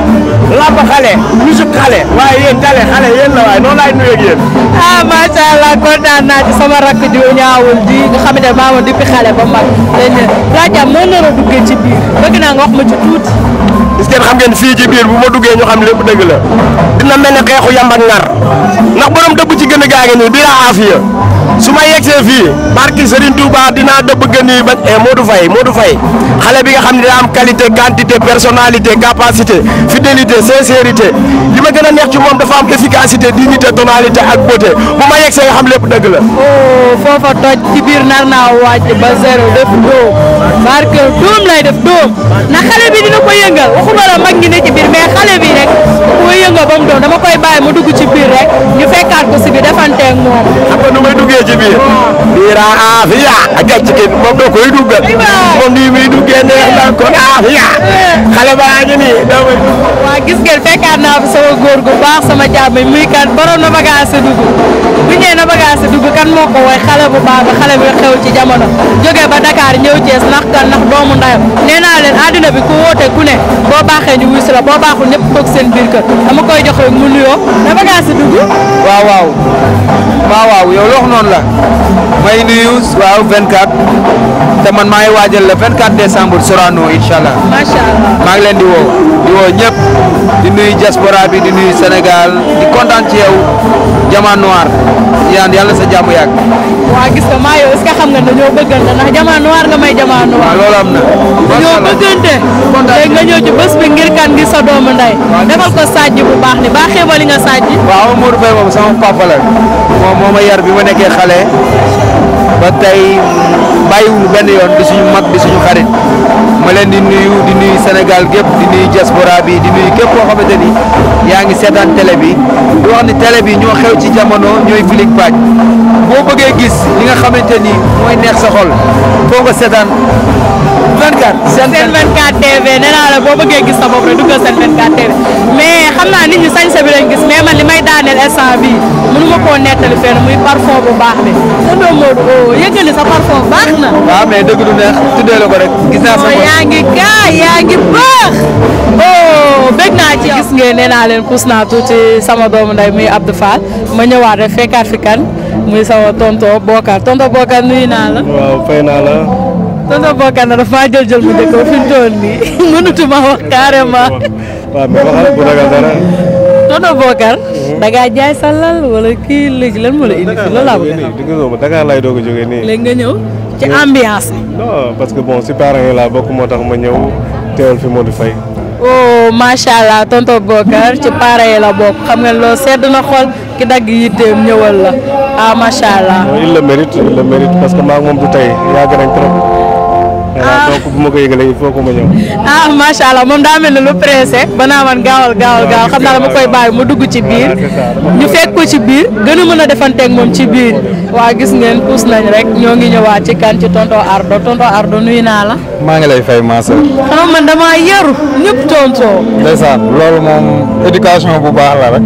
A: làmb xale musique xale waaye yéen télé xale yéen la waaye noonu laay nuyu ak yéen ah macha allah kontaan naa ci sama rakk ju ñaawul ji nga xam ne maama xale ba mag léegi laajam moo nar a duggee ci biir bëgg naa nga wax ma
D: gis ngeen xam ngeen fii ci biir bu ma dugee ñu xam lépp dëgg la dina mel ne xeexu yamb ak nar ndax dëbb ci gën a gaa ngi nii bi la aafiya su ma yegsee fii barki Serigne Touba dinaa dëbb gën yi ba eh, Modou Faye Modou Faye xale bi nga xam ne daa am qualité quantité personnalité capacité fidélité sincérité li ma gën a neex ci moom dafa am efficacité dignité tonalité ak beauté bu ma yegsee nga xam lépp dëgg la. Oh, foofa toj ci biir nar naa wàcc ba zéro
A: def dóom barke dóom lay def dóom na waxuma la mag ñi ne ci biir mais xale bi rek muy yënga ba mu doon dama koy bàyyi mu dugg ci biir rek ñu fekkaat ko si bi defanteeg moom xam nga nu may duggee ci biir biira aafiya gàcc ki moom da koy duggal moom nii muy duggee ne naa ko aafiya xale baa ngi nii dama waa gis ngeen fekkaat naa fi sama góor gu baax sama jàmm muy kan borom na bagage dugg bu ñëwee na bagage dugg kan moo ko woy xale bu baax ba xale bi xew ci jamono jógee ba Dakar ñëw Thiès nax kan nax doomu ndayam nee naa leen bi ku woote ku ne boo baaxee ñu wuyu si
B: la boo baaxul ñëpp toog seen biir kër dama koy jox rek mu nuyoo na bagage dugg waaw waaw waaw waaw yow la may nuyu waaw 24 te man maa ngi le 24 décembre Sorano incha allah macha allah ngi leen di woo di woo ñëpp di nuyu diaspora bi di nuyu Sénégal di kontaan ci yow Diamant Noir yaan yàlla sa jàmm yàgg
A: waa gis nga maa est ce xam nga dañoo bëggante ndax Noir nga may Diamant Noir loolu
B: na dañoo
A: bëggante ci bés bi ngir kan ngir sa doomu nday defal ko Sadji bu baax ni baa xéewali nga Sadji. waaw Modou Faye
B: moom sama papa la moom moo ma yar bi ma nekkee xale ba tey bàyyiwul benn yoon di suñu mag di suñu xarit ma leen di nuyu di nuyu Sénégal gépp di nuyu diaspora bi di nuyu képp koo ni yaa ngi seetaan tele bi di wax ni télé bi ñoo xew ci jamono ñooy Flick Badj. boo bëggee gis li nga xamante ni mooy neex sa xol foo ko
A: seetaan 24 seen 24 TV nee naa la boo bëggee gis sa bopp rek duggal seen 24 TV mais xam naa nit ñi sañse bi lañ gis mais man li may daaneel instant bii mënu ma koo nettali fenn muy parfum bu baax bi tonton Modou yëgali sa parfum baax na. waaw mais dëgg
B: du neex tuddee la ko rek. gis naa sa bopp yaa ngi gaa yaa ngi
A: baax. non bëgg naa ci gis ngeen nee naa leen puus naa tuuti sama doomu nday muy Abdou ma ñëwaat rek fekkaat fi kan muy sama tonto Bokar tonto Bokar nuyu naa la. fay naa la. tonto Bokar na dafa jël jël mu dëkk ba fi mu toll nii <laughs> mënutuma wax carrément. jaay sa wala kii
B: léegi lan moo la indi fi loolu laa bëgg a xam. Dakar laay doog a jógee nii. léegi nga ñëw ci ambiance bi. non parce
A: oh macha allah tonton Bokar ci pare la bokk xam nga loolu sedd na xol ki dagg yitteem ñëwal la ah macha allah.
D: il le mérite il mérite parce que maa moom du tey yàgg nañ trop. waaw
B: donc bu ma ko yëgalee
A: ah macha ah, allah moom lu pressé ba man gaawal gaawal gaawal xam naa dama koy mu dugg ci biir ñu fekk ko ci biir gën a mën a defanteeg ci biir gis ngeen nañ rek ñëwaat ci kan, Ardo tonton Ardo nuyu naa la.
B: maa lay fay maa sër.
A: xam man damaa yaru ñëpp tontoo.
B: ndeysaan loolu éducation bu baax la rek.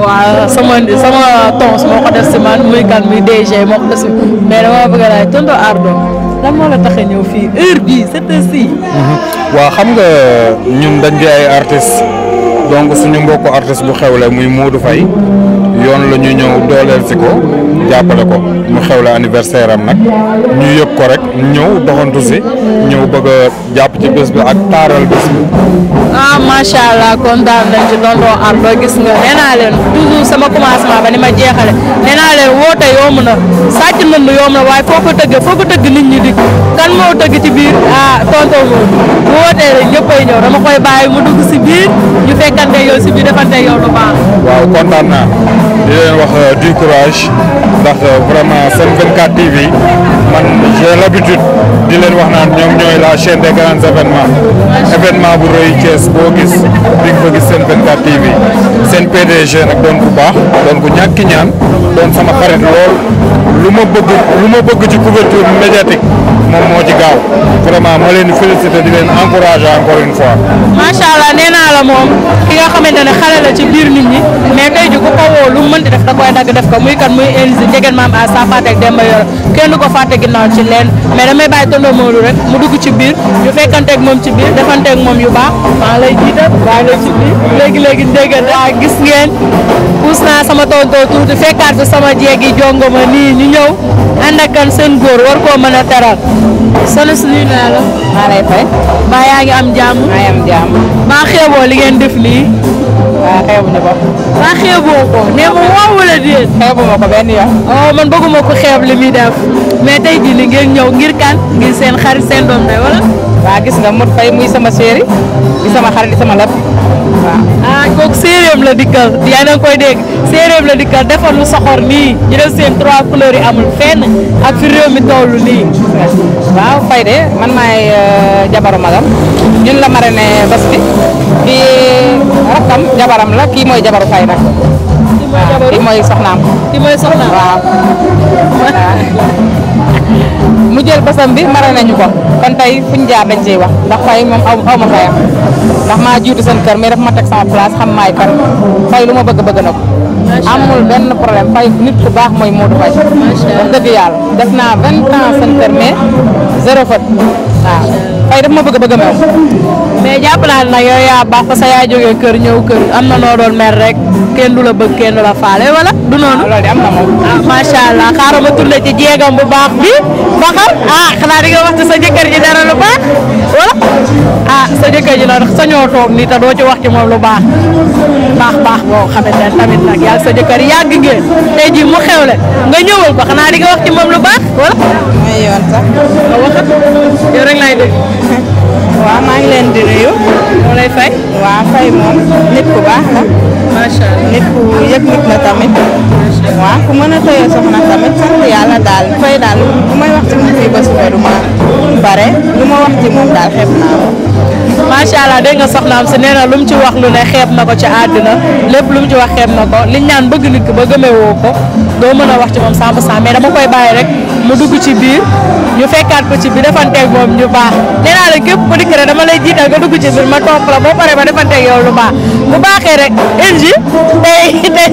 A: <laughs> sama sama tons moo def si man muy kan muy DG moo def mais dama bëgg Ardo. lan moo la tax a ñëw fii heure bii cette heure-ci. Mhm.
B: waaw xam nga ñun dañ di ay artistes
D: donc suñu mbokku artiste bu xewle muy Modou fay yoon la ñu ñëw dooleel si ko. jàppale ko mu xew la anniversaire am nag ñu yëg ko rek ñëw doxantu ñëw bëgg a jàpp ci bés bi ak taaral bés bi. ah macha
A: allah kontaan nañ ci Tonton Ardo gis nga nee leen toujours sama commencement ba ni ma jeexale nee leen woote yomb na sàcc nañ lu na waaye foo ko tëgg foo ko tëgg nit ñi di kan moo tëgg ci biir ah tonton moom wootee rek ñëppay ñëw dama koy bàyyi mu dugg si biir ñu fekkante
D: yow si biir defante yow lu baax. waaw kontaan naa di leen euh, ndax euh, vraiment Sen 24 TV man j'ai l'habitude di leen wax naan ñoom ñooy la chaîne des grands événements événement bu rëy Thiès boo gis di nga fa gis Sen 24 TV seen PDG ak doon ku baax doon ku ñàkki ñaan doon sama xarit lool lu ma bëgg lu ma bëgg ci couverture médiatique moom moo ci gaaw vraiment ma leen di félicité di leen encouragé encore une fois. macha allah nee la
A: moom ki nga xamante ne xale la ci biir nit ñi mais tey jii ku lu mu mënti def da koy dagg def ko muy kan muy Elise Ndiéguène Mame Ass sa Fatick Demba Yoro kenn du ko fàtte ginnaaw ci leen mais damay bàyyi tonton Modou rek mu dugg ci biir ñu fekkanteeg moom ci biir defanteeg moom yu baax maa lay jiital maa lay ci biir léegi léegi dégg puus sama tonton tuuti fekkaat fi sama djegi jongo ma ni ñu ñew andakan seen góor war ko meuna teral solo suñu nuyu naa la maa lay fay ba yaa am jamm maa am jamm ba xewbo li ngeen def nii ba xewbu ne ko ba xeeboo ko ne mo woo wala déet xeebu ma ko oh man bëgguma ko xew li mi def mais tay di ni ngeen ñew ngir kan ngir seen xarit seen doom day wala ba gis nga mut fay muy sama chéri di sama xarit di sama lab ah kooku séeréem la dikkal yaa ngi koy dégg séeréem la dikkal defar lu soxor nii ñu amul fenn ak fi réew wow toll mana waaw fay de man maay euh, jabaru magam di la marraine bés bi fii rakkam jabaram la kii mooy jabaru fay nag. waaw kii pasambi soxnaam. juga kon tey fu ñu jaar dañ ciy wax ndax fay moom aw aw ma fayam ndax maa jiitu seen kër mais ma teg sama place xam maay kan fay lu ma bëgg bëgg na ko. amul benn problème fay nit ku baax mooy Modou Faye. macha allah def naa vingt ans seen kër mais zéro faute waaw fay daf ma bëgg bëgg a meew. mais jàpp naa ne nag yow yaa baax parce que yaa jógee kër ñëw kër am na noo doon mer rek kenn du la bëgg kenn du la faale wala du noonu. Ah, loolu na moom. ah macha allah xaaral ma tourné ci jéegam bu baax bi ba ah xanaa di nga wax ci sa jëkkër ji dara lu baax wala ah sa jëkkër ji la sañoo toog nii te doo ci wax ci moom lu baax baax baax boo xamante ne tamit nag yàlla sa jëkkër yàgg ngeen tey jii mu xewle nga ñëwal ko xanaa di moom lu baax wala. may yoon sax. nga wax <laughs> waaw maa ngi leen di nuyu. moo lay fay. waaw fay moom nit ku baax la. macha allah nit ku yëg nit la tamit. waaw ku mën a tëye soxna tamit sant yàlla daal fay daal lu may wax ci moom ba suba du bare lu ma wax moom daal xeeb naa ko. macha allah dégg nga soxnaam si nee na lu mu ci wax lu ne xeeb na ko ci àddina lépp lu mu ci wax xeeb na ko liñ naan bëgg nit ki ba gëmee ko doo mën a wax ci moom 100% mais dama koy bàyyi rek. mu dugg ci biir ñu fekkaat ko ci biir defanteeg moom ñu baax nee naa la képp ku dikk rek dama lay jiital nga dugg ci biir ma topp la boo ba defanteeg yow lu baax bu baaxee rek énergie day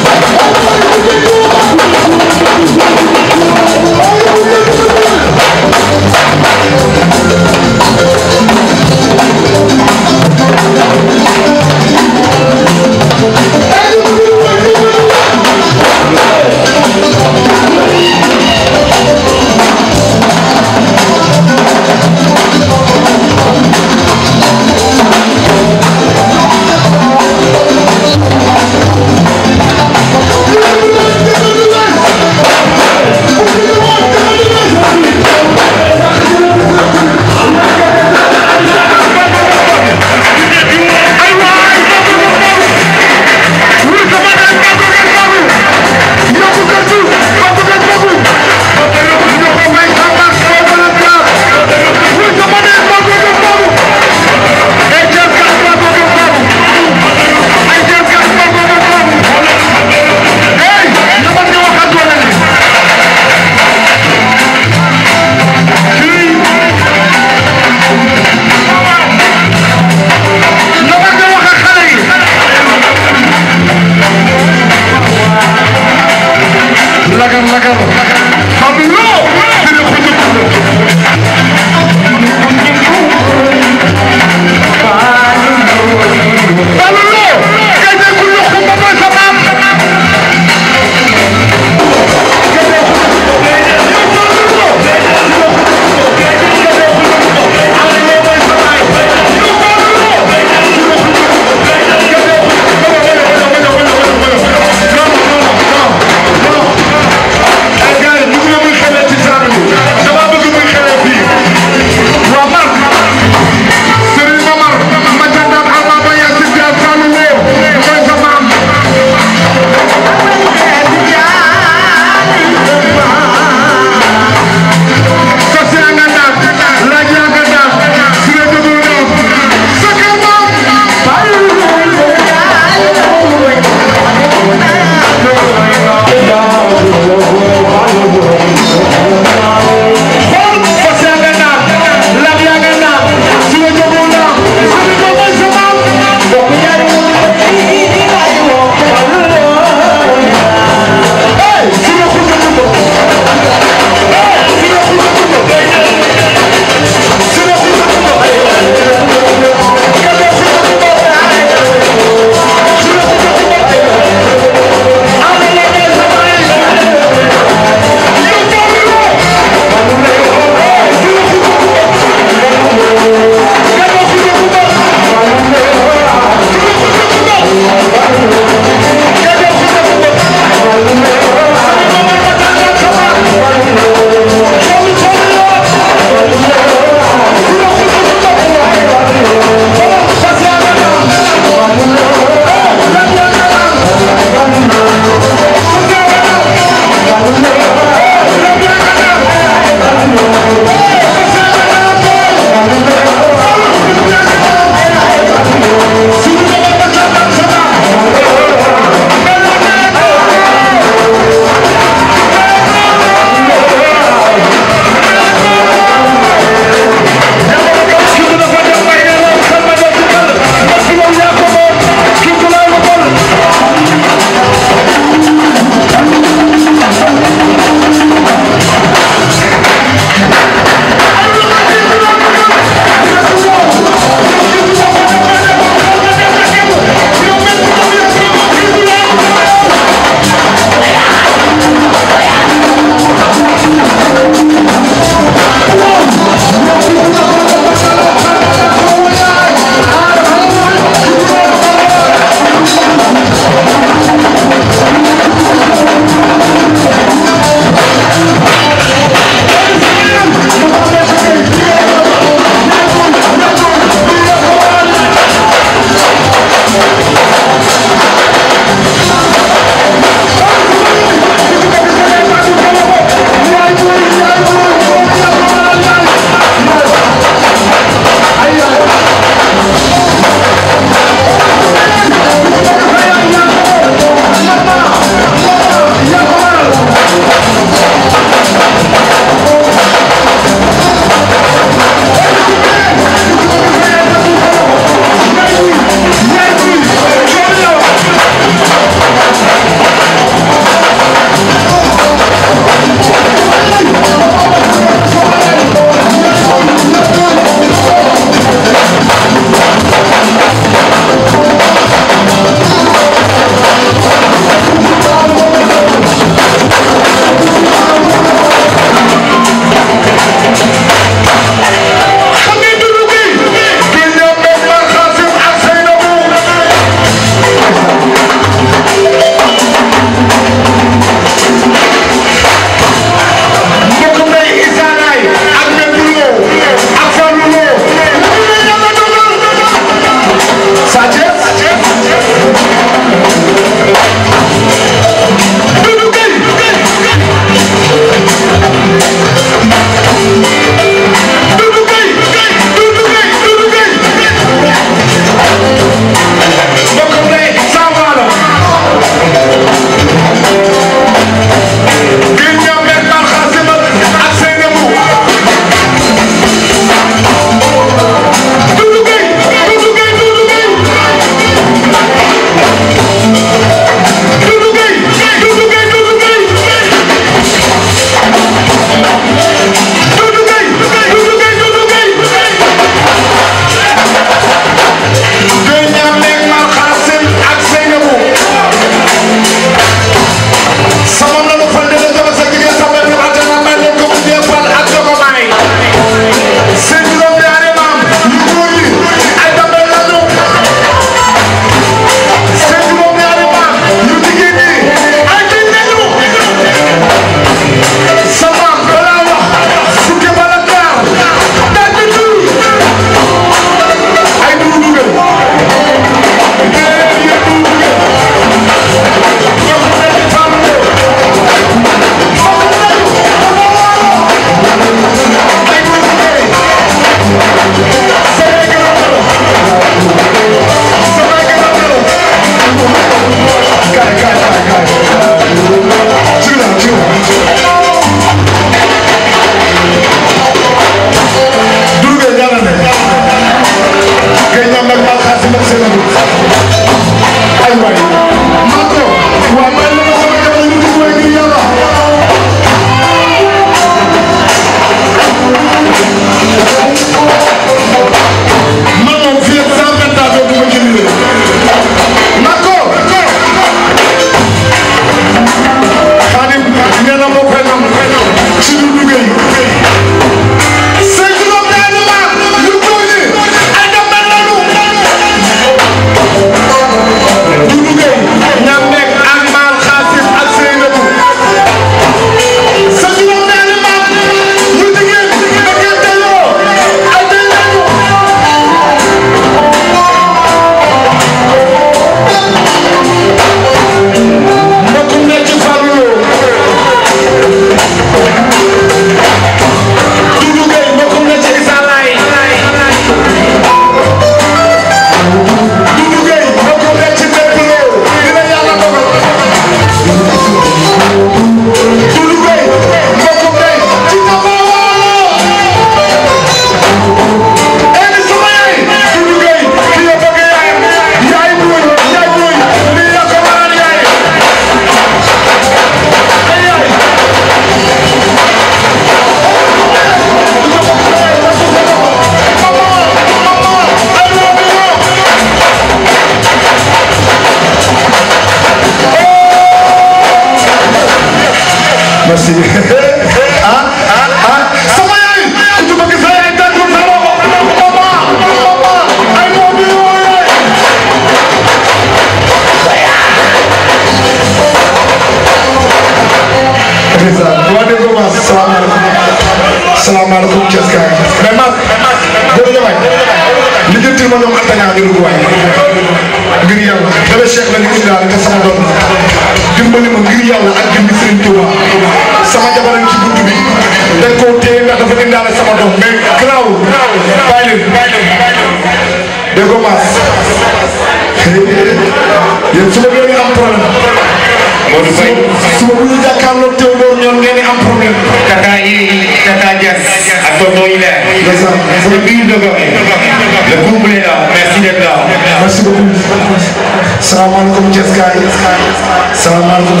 C: Mansour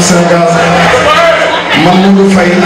C: Sénégal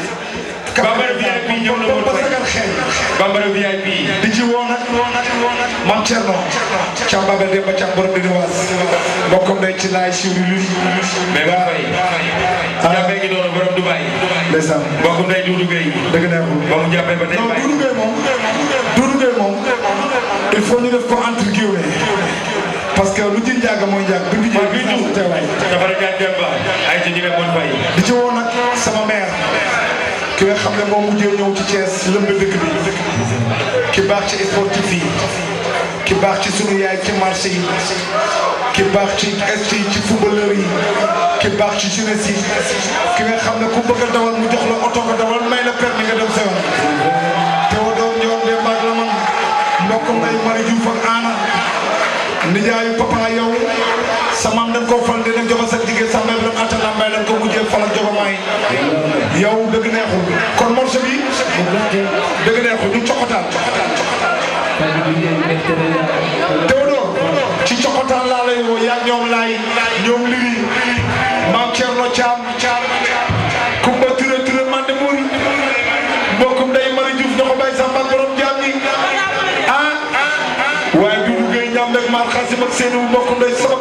C: bambara VIP ñëw na woon fay bambara ci woo nag man Thierno Thiam Babal Demba Thiam borom di diwaas mbokkam ci laay si lu lu mais ba fay ah. dëgg neexul ba mu jàppee ba tey bàyyi. non Doudou moom il faut ñu def ko entre guillemets parce que lu ci njàng mooy njàng bi fi jëlee. waaw bi ñu dugg dafa sama mère. ki nga xam ne moo mujjee ñëw ci Thiès lëmb dëkk bi ki baax ci sportif yi ki baax ci sunu yaay ci marché yi ki baax ci est yi ci footballeur yi ki baax ci jeunesse yi ki nga xam ne ku bëgg a dawal mu jox la oto nga dawal may la permis nga dem sewoon Théodore Ndiol de Mag la man
D: mbokk nday Marie Diouf ak Anna nijaayu papa yow sa maam dañ koo fal dina joxe sa
C: Théodore ci cokotaan laa lay woo yaa ñoom laay ñoom liri maam Thierno Thiam Thiam Kumba Touré Touré Mandé Mouri mbokkum day Mari Diouf na ko bay sambal borom jaam ñi ah, ah, ah waaye Doudou Gueye ñam nag maar xasim ak seen mbokkum day sabab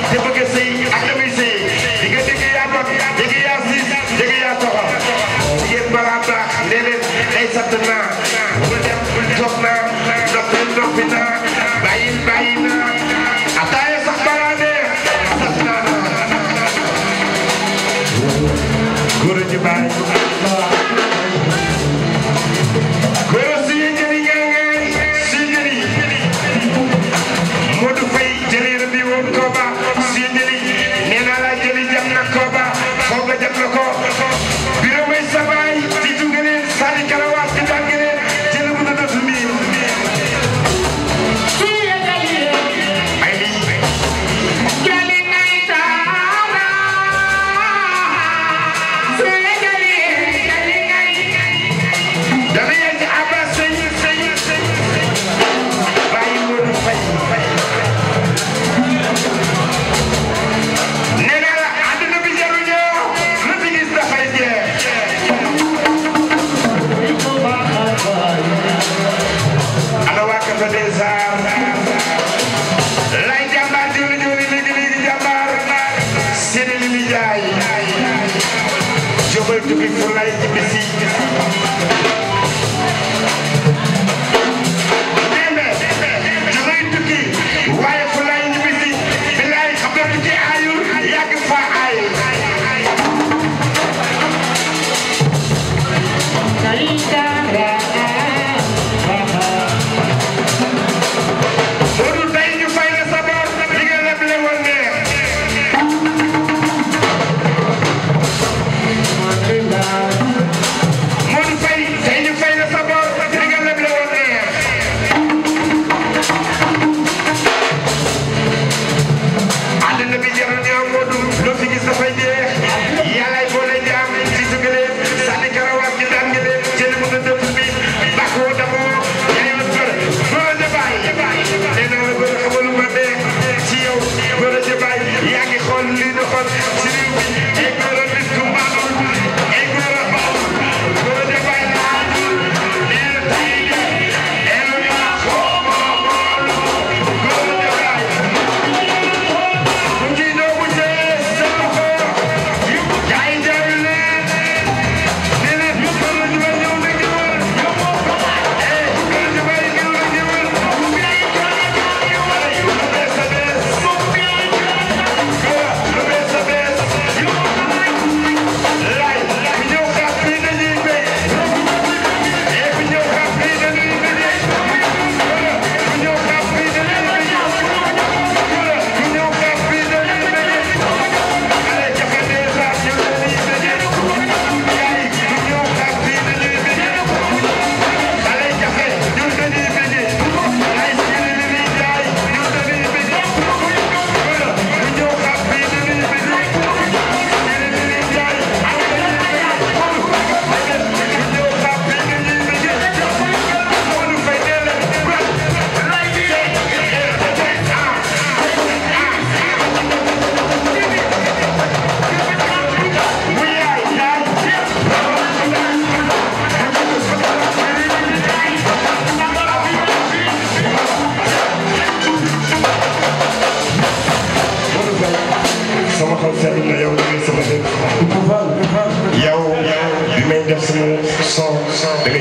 C: te bëgg a sëy ak damay sëy di nga dégg yaa bon dégg yaa siis dégg yaa soxor yéen balaa baax nee leen ay sant naa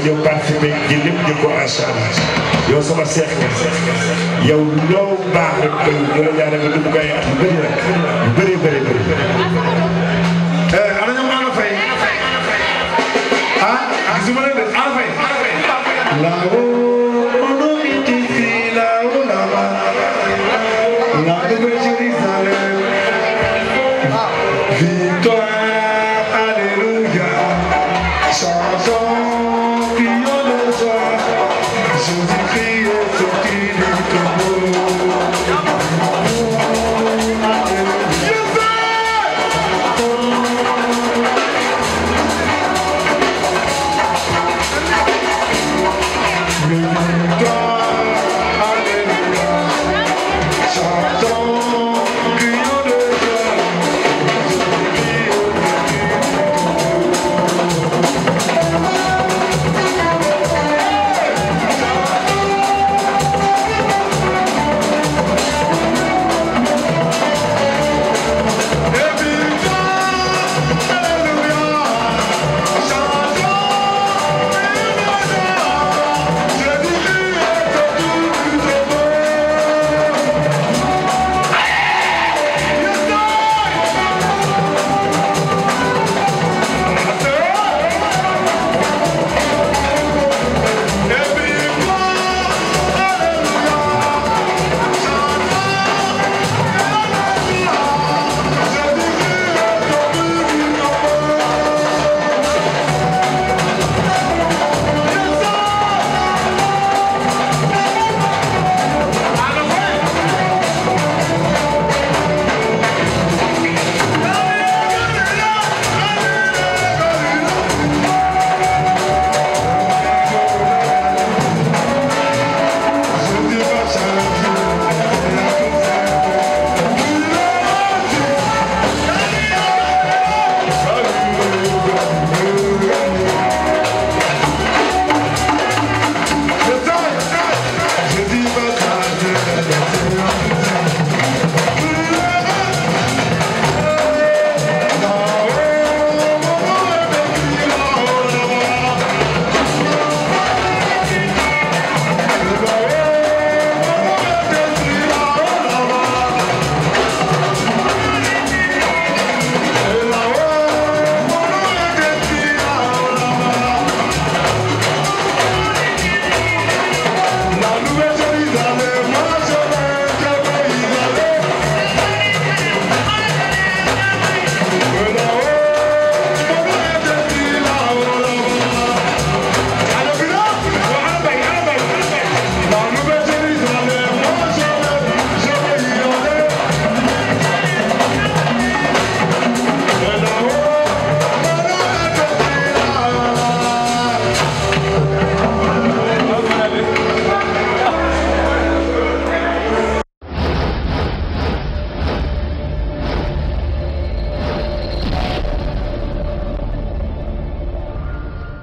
C: Eu parfumé de limpo de ko macha allah yow sama seex eu não loo baax rek bëri yow ñaareel nga